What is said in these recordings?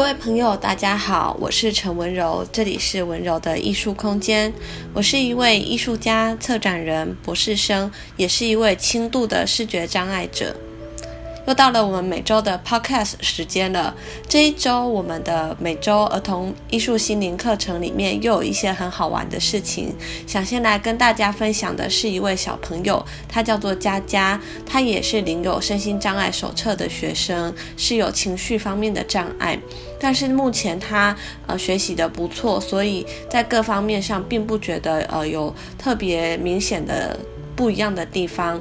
各位朋友，大家好，我是陳雯柔，這裡是雯柔的藝術空間。我是一位藝術家、策展人、博士生，也是一位輕度的視覺障礙者。又到了我們每周的 podcast 時間了。這一周，我們的每周兒童藝術心靈課程裡面又有一些很好玩的事情。想先來跟大家分享的是一位小朋友，他叫做佳佳，他也是領有身心障礙手冊的學生，是有情緒方面的障礙，但是目前他呃學習的不錯，所以在各方面上並不覺得呃有特別明顯的不一樣的地方。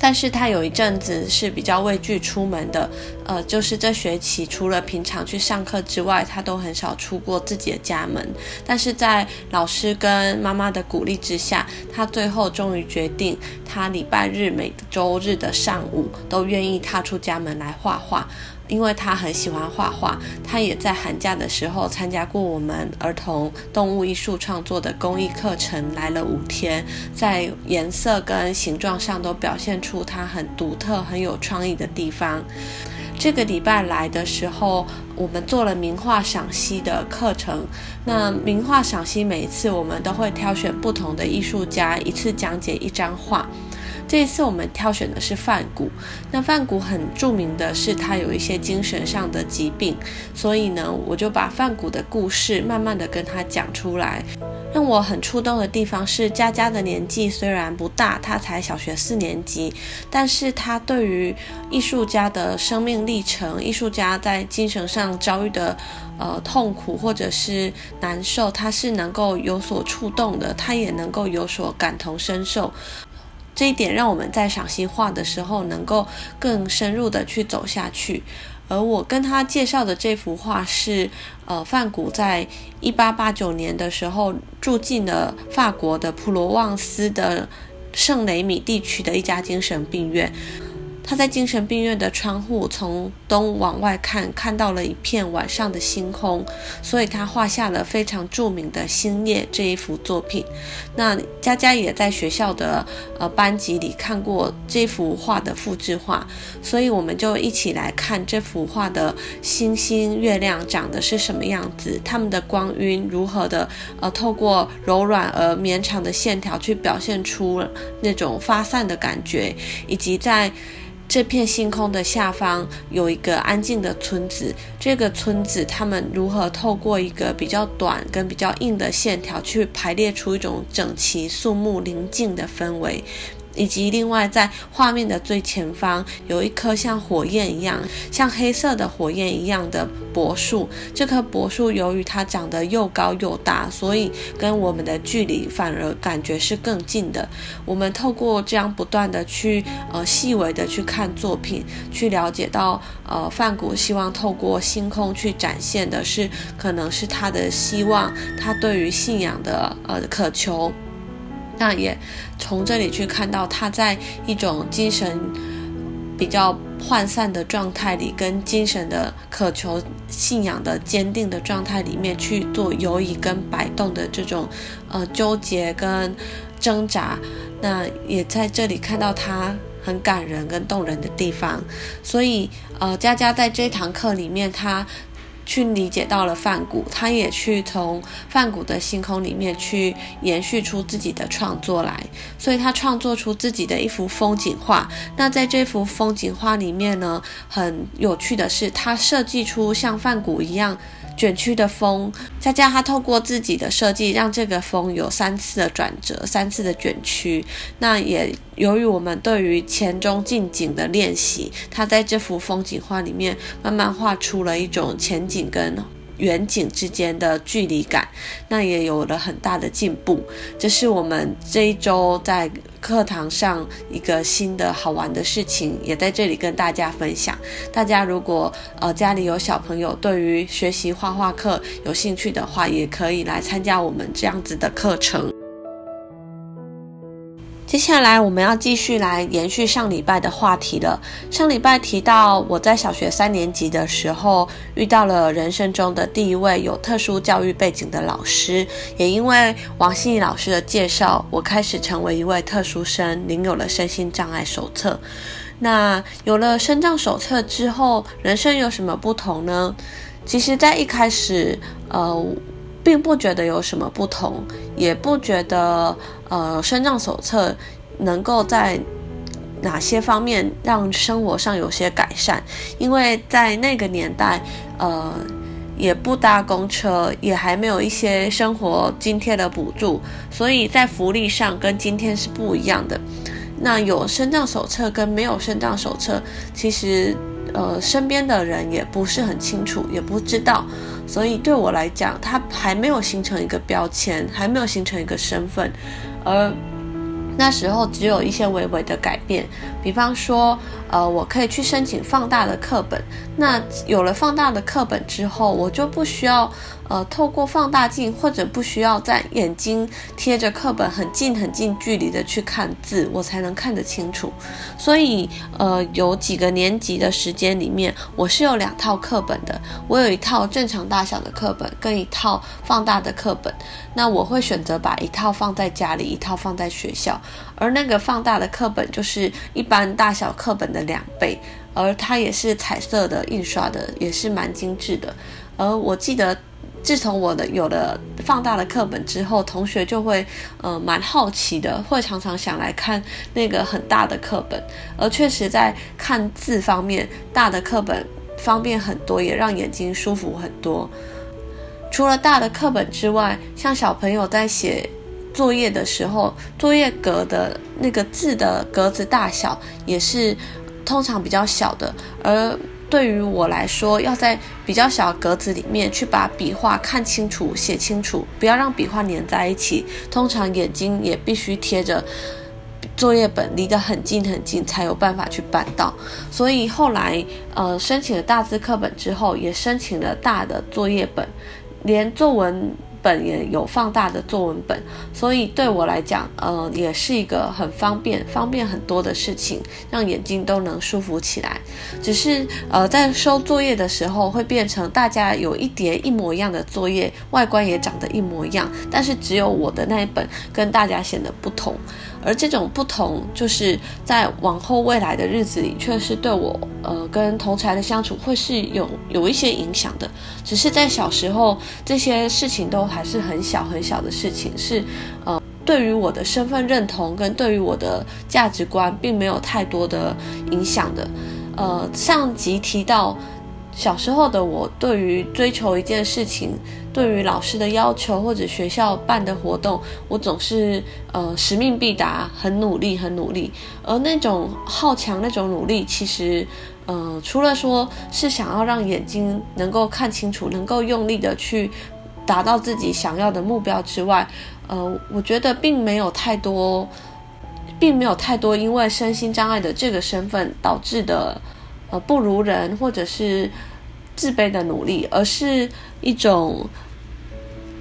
但是他有一陣子是比較畏懼出門的，呃，就是這學期除了平常去上課之外，他都很少出過自己的家門。但是在老師跟媽媽的鼓勵之下，他最後終於決定，他禮拜日每週日的上午都願意踏出家門來畫畫。因為他很喜歡畫畫，他也在寒假的時候參加過我們兒童動物藝術創作的公益課程，來了五天，在顏色跟形狀上都表現出他很獨特、很有創意的地方。這個禮拜來的時候，我們做了名畫賞析的課程。那名畫賞析，每一次我們都會挑選不同的藝術家，一次講解一張畫。這一次我們挑選的是梵谷，那梵谷很著名的是他有一些精神上的疾病，所以呢，我就把梵谷的故事慢慢的跟他講出來。讓我很觸動的地方是，佳佳的年紀雖然不大，他才小學四年級，但是他對於藝術家的生命歷程、藝術家在精神上遭遇的呃痛苦或者是難受，他是能夠有所觸動的，他也能夠有所感同身受。這一點讓我們在賞析畫的時候能夠更深入的去走下去，而我跟他介紹的這幅畫是，呃，梵谷在一八八九年的時候住進了法國的普羅旺斯的聖雷米地區的一家精神病院。他在精神病院的窗戶從東往外看，看到了一片晚上的星空，所以他畫下了非常著名的《星夜》這一幅作品。那佳佳也在學校的呃班級裡看過這幅畫的複製畫，所以我們就一起來看這幅畫的星星、月亮長得是什麼樣子，它們的光暈如何的呃透過柔軟而綿長的線條去表現出那種發散的感覺，以及在。這片星空的下方有一個安靜的村子。這個村子，他們如何透過一個比較短跟比較硬的線條去排列出一種整齊、肅穆、寧靜的氛圍。以及另外，在畫面的最前方有一棵像火焰一樣、像黑色的火焰一樣的柏樹。這棵柏樹由於它長得又高又大，所以跟我們的距離反而感覺是更近的。我們透過這樣不斷地去呃細微地去看作品，去了解到呃梵谷希望透過星空去展現的是，可能是他的希望，他對於信仰的呃渴求。那也從這裡去看到他在一種精神比較渙散的狀態裡，跟精神的渴求、信仰的堅定的狀態裡面去做游移跟擺動的這種呃糾結跟掙扎。那也在這裡看到他很感人跟動人的地方。所以呃，佳佳在這堂課裡面他。去理解到了梵谷，他也去從梵谷的星空裡面去延續出自己的創作來，所以他創作出自己的一幅風景畫。那在這幅風景畫裡面呢，很有趣的是，他設計出像梵谷一樣。捲曲的風，佳佳她透過自己的設計，讓這個風有三次的轉折，三次的捲曲。那也由於我們對於前中近景的練習，她在這幅風景畫裡面慢慢畫出了一種前景跟。遠景之間的距離感，那也有了很大的進步。這是我們這一周在課堂上一個新的好玩的事情，也在這裡跟大家分享。大家如果呃家裡有小朋友，對於學習畫畫課有興趣的話，也可以來參加我們這樣子的課程。接下來我們要繼續來延續上禮拜的話題了。上禮拜提到我在小學三年級的時候，遇到了人生中的第一位有特殊教育背景的老師，也因為王心怡老師的介紹，我開始成為一位特殊生，領有了身心障礙手冊。那有了身障手冊之後，人生有什麼不同呢？其實在一開始，呃。並不覺得有什麼不同，也不覺得呃，身障手冊能夠在哪些方面讓生活上有些改善，因為在那個年代，呃，也不搭公車，也還沒有一些生活津貼的補助，所以在福利上跟今天是不一樣的。那有身障手冊跟沒有身障手冊，其實。呃，身邊的人也不是很清楚，也不知道，所以對我來講，他還沒有形成一個標籤，還沒有形成一個身份，而那時候只有一些微微的改變。比方說，呃，我可以去申請放大的課本。那有了放大的課本之後，我就不需要，呃，透過放大鏡，或者不需要在眼睛貼着課本很近很近距離的去看字，我才能看得清楚。所以，呃，有幾個年級的時間裡面，我是有兩套課本的。我有一套正常大小的課本，跟一套放大的課本。那我會選擇把一套放在家裡，一套放在學校。而那個放大的課本就是一般。按大小課本的兩倍，而它也是彩色的印刷的，也是蠻精緻的。而我記得，自從我的有了放大的課本之後，同學就會呃蠻好奇的，會常常想來看那個很大的課本。而確實在看字方面，大的課本方便很多，也讓眼睛舒服很多。除了大的課本之外，像小朋友在寫作業的時候，作業格的那個字的格子大小也是通常比較小的。而對於我來說，要在比較小格子裡面去把筆畫看清楚、寫清楚，不要讓筆畫粘在一起。通常眼睛也必須貼着作業本，離得很近很近，才有辦法去辦到。所以後來，呃，申請了大字課本之後，也申請了大的作業本，連作文。本也有放大的作文本，所以對我來講，呃，也是一個很方便、方便很多的事情，讓眼睛都能舒服起來。只是，呃，在收作業的時候，會變成大家有一疊一模一樣的作業，外觀也長得一模一樣，但是只有我的那一本跟大家顯得不同。而這種不同，就是在往後未來的日子裡，確實對我呃跟同儕的相處會是有有一些影響的。只是在小時候，這些事情都還。還是很小很小的事情，是，呃，對於我的身份認同跟對於我的價值觀，並沒有太多的影響的。呃，上集提到，小時候的我對於追求一件事情，對於老師的要求或者學校辦的活動，我總是呃使命必達，很努力，很努力。而那種好強，那種努力，其實，呃，除了說是想要讓眼睛能夠看清楚，能夠用力的去。達到自己想要的目標之外，呃，我覺得並沒有太多，並沒有太多因為身心障礙的這個身份導致的呃不如人或者是自卑的努力，而是一種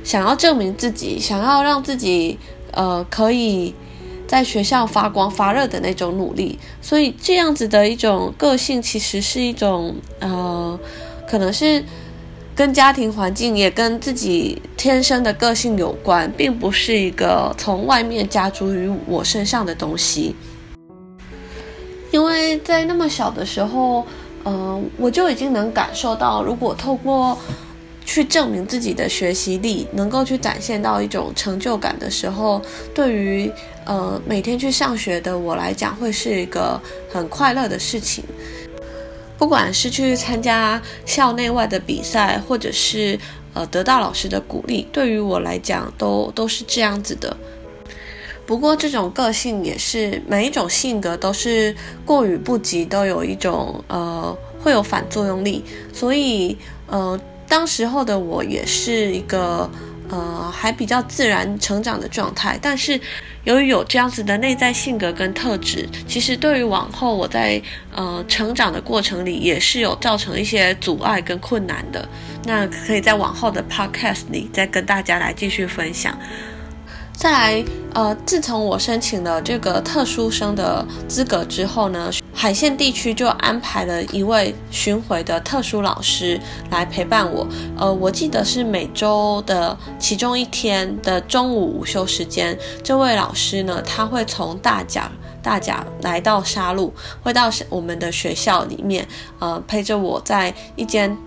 想要證明自己、想要讓自己呃可以在學校發光發熱的那種努力。所以這樣子的一種個性，其實是一種呃，可能是。跟家庭環境也跟自己天生的個性有關，並不是一個從外面加諸於我身上的東西。因為在那麼小的時候，嗯、呃，我就已經能感受到，如果透過去證明自己的學習力，能夠去展現到一種成就感的時候，對於呃每天去上學的我來講，會是一個很快樂的事情。不管是去參加校內外的比賽，或者是呃得到老師的鼓勵，對於我來講都都是這樣子的。不過這種個性也是每一種性格都是過與不及，都有一種呃會有反作用力。所以呃當時候的我也是一個呃還比較自然成長的狀態，但是。由於有這樣子的內在性格跟特質，其實對於往後我在呃成長的過程裡，也是有造成一些阻礙跟困難的。那可以在往後的 Podcast 裡再跟大家來繼續分享。在呃，自從我申請了這個特殊生的資格之後呢，海線地區就安排了一位巡迴的特殊老師來陪伴我。呃，我記得是每周的其中一天的中午午休時間，這位老師呢，他會從大甲大甲來到沙鹿會到我們的學校裡面，呃，陪着我在一間。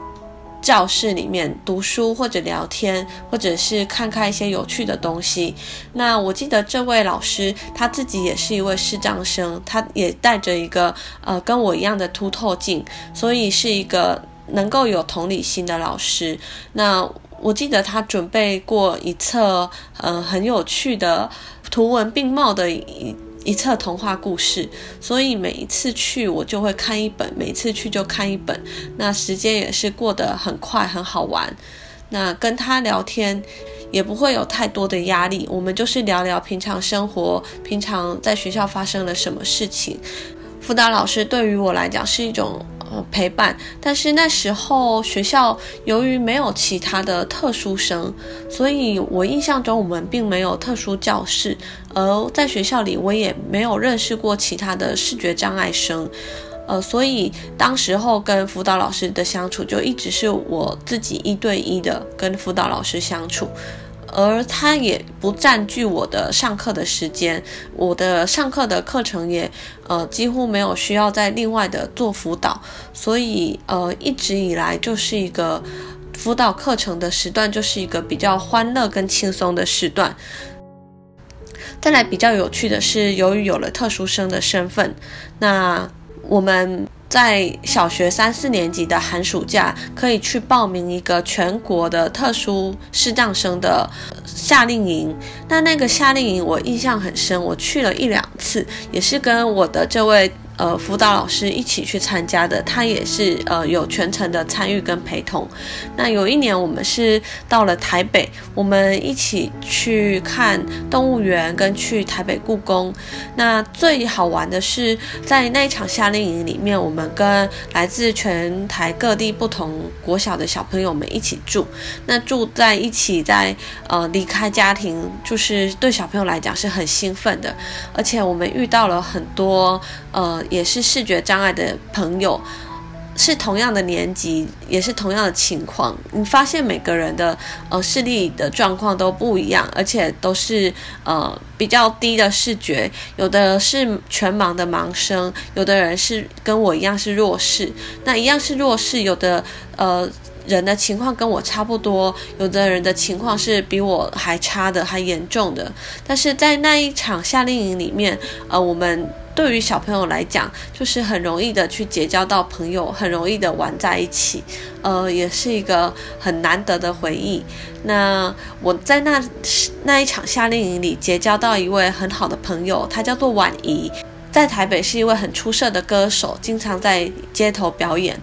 教室裡面讀書，或者聊天，或者是看看一些有趣的東西。那我記得這位老師他自己也是一位視障生，他也帶着一個呃跟我一樣的凸透鏡，所以是一個能夠有同理心的老師。那我記得他準備過一冊呃很有趣的圖文並茂的一。一冊童話故事，所以每一次去我就會看一本，每一次去就看一本，那時間也是過得很快，很好玩。那跟他聊天也不會有太多的壓力，我們就是聊聊平常生活，平常在學校發生了什麼事情。輔導老師對於我來講是一種。呃，陪伴。但是那時候學校由於沒有其他的特殊生，所以我印象中我們並沒有特殊教室，而在學校裡我也沒有認識過其他的視覺障礙生，呃，所以當時候跟輔導老師的相處就一直是我自己一對一的跟輔導老師相處。而他也不佔據我的上課的時間，我的上課的課程也，呃，幾乎沒有需要再另外的做輔導，所以呃，一直以來就是一個輔導課程的時段，就是一個比較歡樂跟輕鬆的時段。再來比較有趣的是，由於有了特殊生的身份，那我們。在小學三四年級的寒暑假，可以去報名一個全國的特殊視障生的夏令營。那那個夏令營我印象很深，我去了一兩次，也是跟我的這位。呃，輔導老師一起去參加的，他也是呃有全程的參與跟陪同。那有一年我們是到了台北，我們一起去看動物園跟去台北故宮。那最好玩的是，在那一場夏令營裡面，我們跟來自全台各地不同國小的小朋友們一起住。那住在一起，在呃離開家庭，就是對小朋友來講是很興奮的。而且我們遇到了很多。呃，也是視覺障礙的朋友，是同樣的年紀，也是同樣的情況。你發現每個人的呃視力的狀況都不一樣，而且都是呃比較低的視覺，有的是全盲的盲生，有的人是跟我一樣是弱視。那一樣是弱視，有的呃人的情況跟我差不多，有的人的情況是比我還差的還嚴重的。但是在那一場夏令營裡面，呃，我們。對於小朋友來講，就是很容易的去結交到朋友，很容易的玩在一起，呃，也是一個很難得的回憶。那我在那那一場夏令營裡結交到一位很好的朋友，他叫做婉儀，在台北是一位很出色的歌手，經常在街頭表演。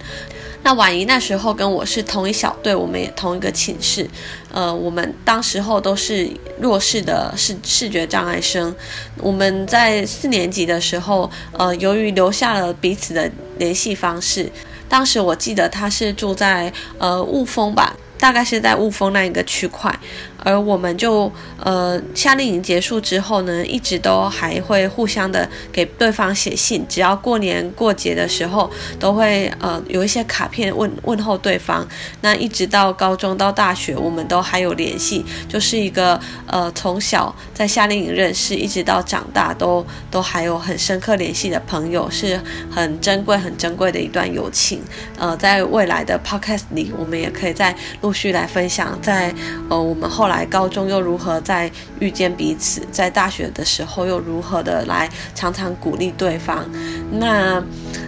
那婉怡，那時候跟我是同一小隊，我們也同一個寢室，呃，我們當時候都是弱視的視視覺障礙生，我們在四年級的時候，呃，由於留下了彼此的聯繫方式，當時我記得他是住在呃霧峰吧。大概是在霧峰那一個區塊，而我們就呃夏令營結束之後呢，一直都還會互相的給對方寫信，只要過年過節的時候都會呃有一些卡片問問候對方。那一直到高中到大學，我們都還有聯繫，就是一個呃從小在夏令營認識，一直到長大都都還有很深刻聯繫的朋友，是很珍貴很珍貴的一段友情。呃，在未來的 podcast 裡，我們也可以在。陸續來分享在，在呃，我們後來高中又如何在遇見彼此，在大學的時候又如何的來常常鼓勵對方。那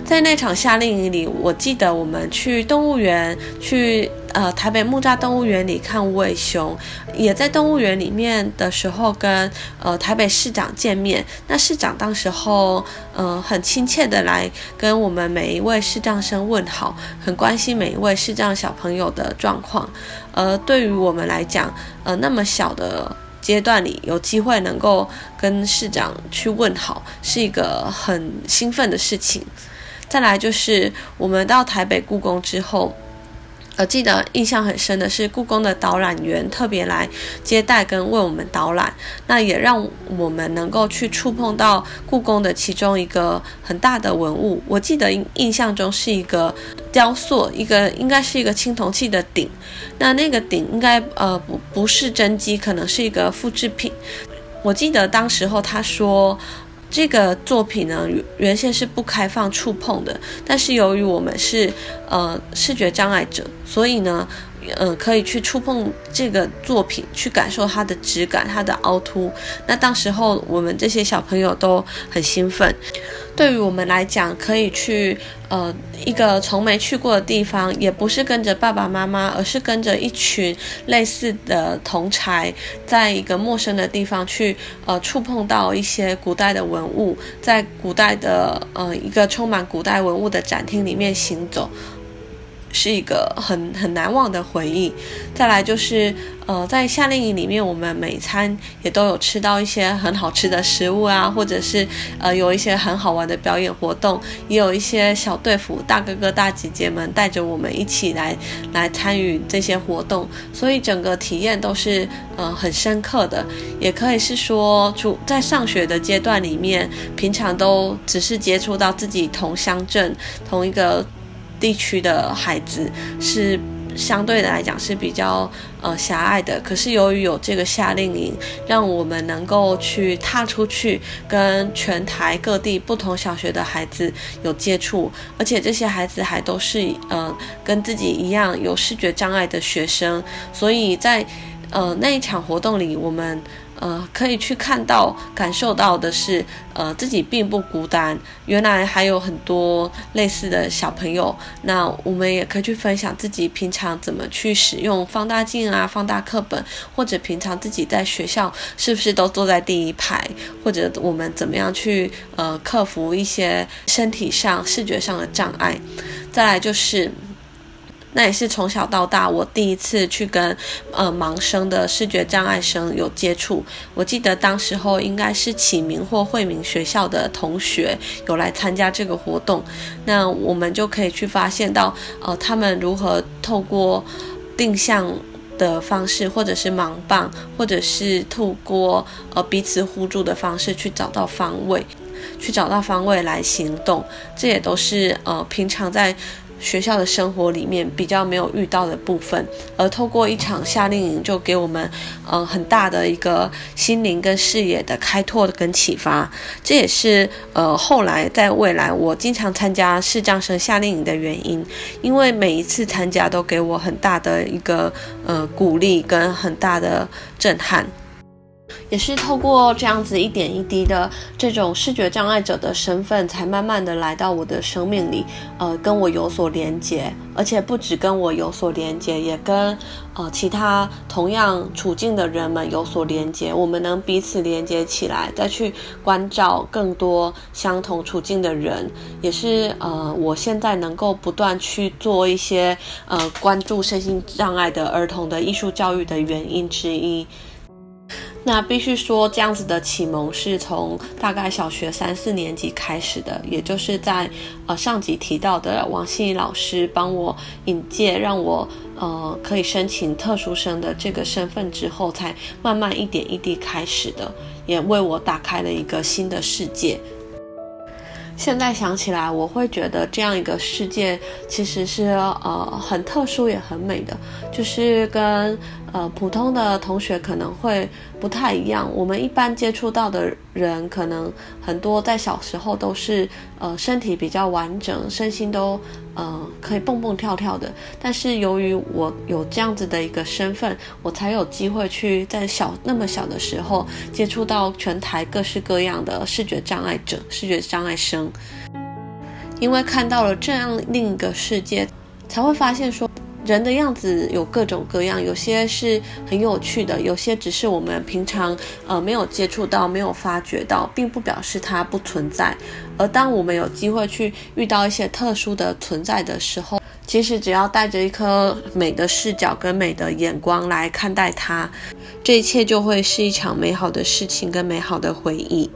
在那場夏令營裡，我記得我們去動物園，去呃台北木柵動物園裡看無尾熊，也在動物園裡面的時候跟呃台北市長見面。那市長當時候呃很親切的來跟我們每一位視障生問好，很關心每一位視障小朋友的狀況。而、呃、對於我們來講，呃那麼小的。階段裡有機會能夠跟市長去問好，是一個很興奮的事情。再來就是我們到台北故宮之後。我記得印象很深的是，故宮的導覽員特別來接待跟為我們導覽，那也讓我們能夠去觸碰到故宮的其中一個很大的文物。我記得印象中是一個雕塑，一個應該是一個青銅器的鼎。那那個鼎應該呃不不是真跡，可能是一個複製品。我記得當時候他說。這個作品呢，原先是不開放觸碰的，但是由於我們是呃視覺障礙者，所以呢，呃可以去觸碰這個作品，去感受它的質感、它的凹凸。那當時候我們這些小朋友都很興奮。對於我們來講，可以去呃一個從沒去過的地方，也不是跟着爸爸媽媽，而是跟着一群類似的同儕，在一個陌生的地方去呃觸碰到一些古代的文物，在古代的呃一個充滿古代文物的展廳裡面行走，是一個很很難忘的回憶。再來就是，呃，在夏令營裡面，我們每餐也都有吃到一些很好吃的食物啊，或者是呃，有一些很好玩的表演活動，也有一些小隊輔大哥哥大姐姐們帶着我們一起來來參與這些活動，所以整個體驗都是呃很深刻的。也可以是說，出在上學的階段裡面，平常都只是接觸到自己同鄉鎮同一個。地區的孩子是相對的來講是比較呃狹隘的，可是由於有這個夏令營，讓我們能夠去踏出去，跟全台各地不同小學的孩子有接觸，而且這些孩子還都是呃跟自己一樣有視覺障礙的學生，所以在呃那一場活動裡，我們呃，可以去看到、感受到的是，呃，自己並不孤單，原來還有很多類似的小朋友。那我們也可以去分享自己平常怎麼去使用放大鏡啊、放大課本，或者平常自己在學校是不是都坐在第一排，或者我們怎麼樣去呃克服一些身體上、視覺上的障礙。再來就是。那也是從小到大，我第一次去跟，呃盲生的視覺障礙生有接觸。我記得當時候應該是啟明或惠明學校的同學有來參加這個活動，那我們就可以去發現到，呃他們如何透過定向的方式，或者是盲棒，或者是透過呃彼此互助的方式去找到方位，去找到方位來行動。這也都是呃平常在。學校的生活裡面比較沒有遇到的部分，而透過一場夏令營就給我們，呃很大的一個心靈跟視野的開拓跟啟發。這也是呃後來在未來我經常參加視障生夏令營的原因，因為每一次參加都給我很大的一個呃鼓勵跟很大的震撼。也是透過這樣子一點一滴的這種視覺障礙者的身份，才慢慢的來到我的生命裡，呃，跟我有所連結，而且不止跟我有所連結，也跟呃其他同樣處境的人們有所連結。我們能彼此連結起來，再去關照更多相同處境的人，也是呃我現在能夠不斷去做一些呃關注身心障礙的兒童的藝術教育的原因之一。那必須說，這樣子的啟蒙是從大概小學三四年級開始的，也就是在呃上集提到的王心怡老師幫我引薦，讓我呃可以申請特殊生的這個身份之後，才慢慢一點一滴開始的，也為我打開了一個新的世界。現在想起來，我會覺得這樣一個世界其實是呃很特殊也很美的，就是跟。呃，普通的同學可能會不太一樣。我們一般接觸到的人，可能很多在小時候都是呃身體比較完整，身心都呃可以蹦蹦跳跳的。但是由於我有這樣子的一個身份，我才有機會去在小那麼小的時候接觸到全台各式各樣的視覺障礙者、視覺障礙生。因為看到了這樣另一個世界，才會發現說。人的樣子有各種各樣，有些是很有趣的，有些只是我們平常呃沒有接觸到、沒有發覺到，並不表示它不存在。而當我們有機會去遇到一些特殊的存在的時候，其實只要帶着一顆美的視角跟美的眼光來看待它，這一切就會是一場美好的事情跟美好的回憶。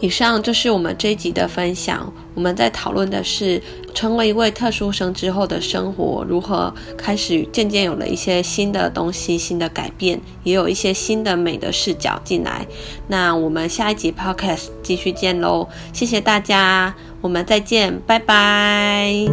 以上就是我們這一集的分享。我們在討論的是成為一位特殊生之後的生活，如何開始漸漸有了一些新的東西、新的改變，也有一些新的美的視角進來。那我們下一集 Podcast 繼續見嘍！謝謝大家，我們再見，拜拜。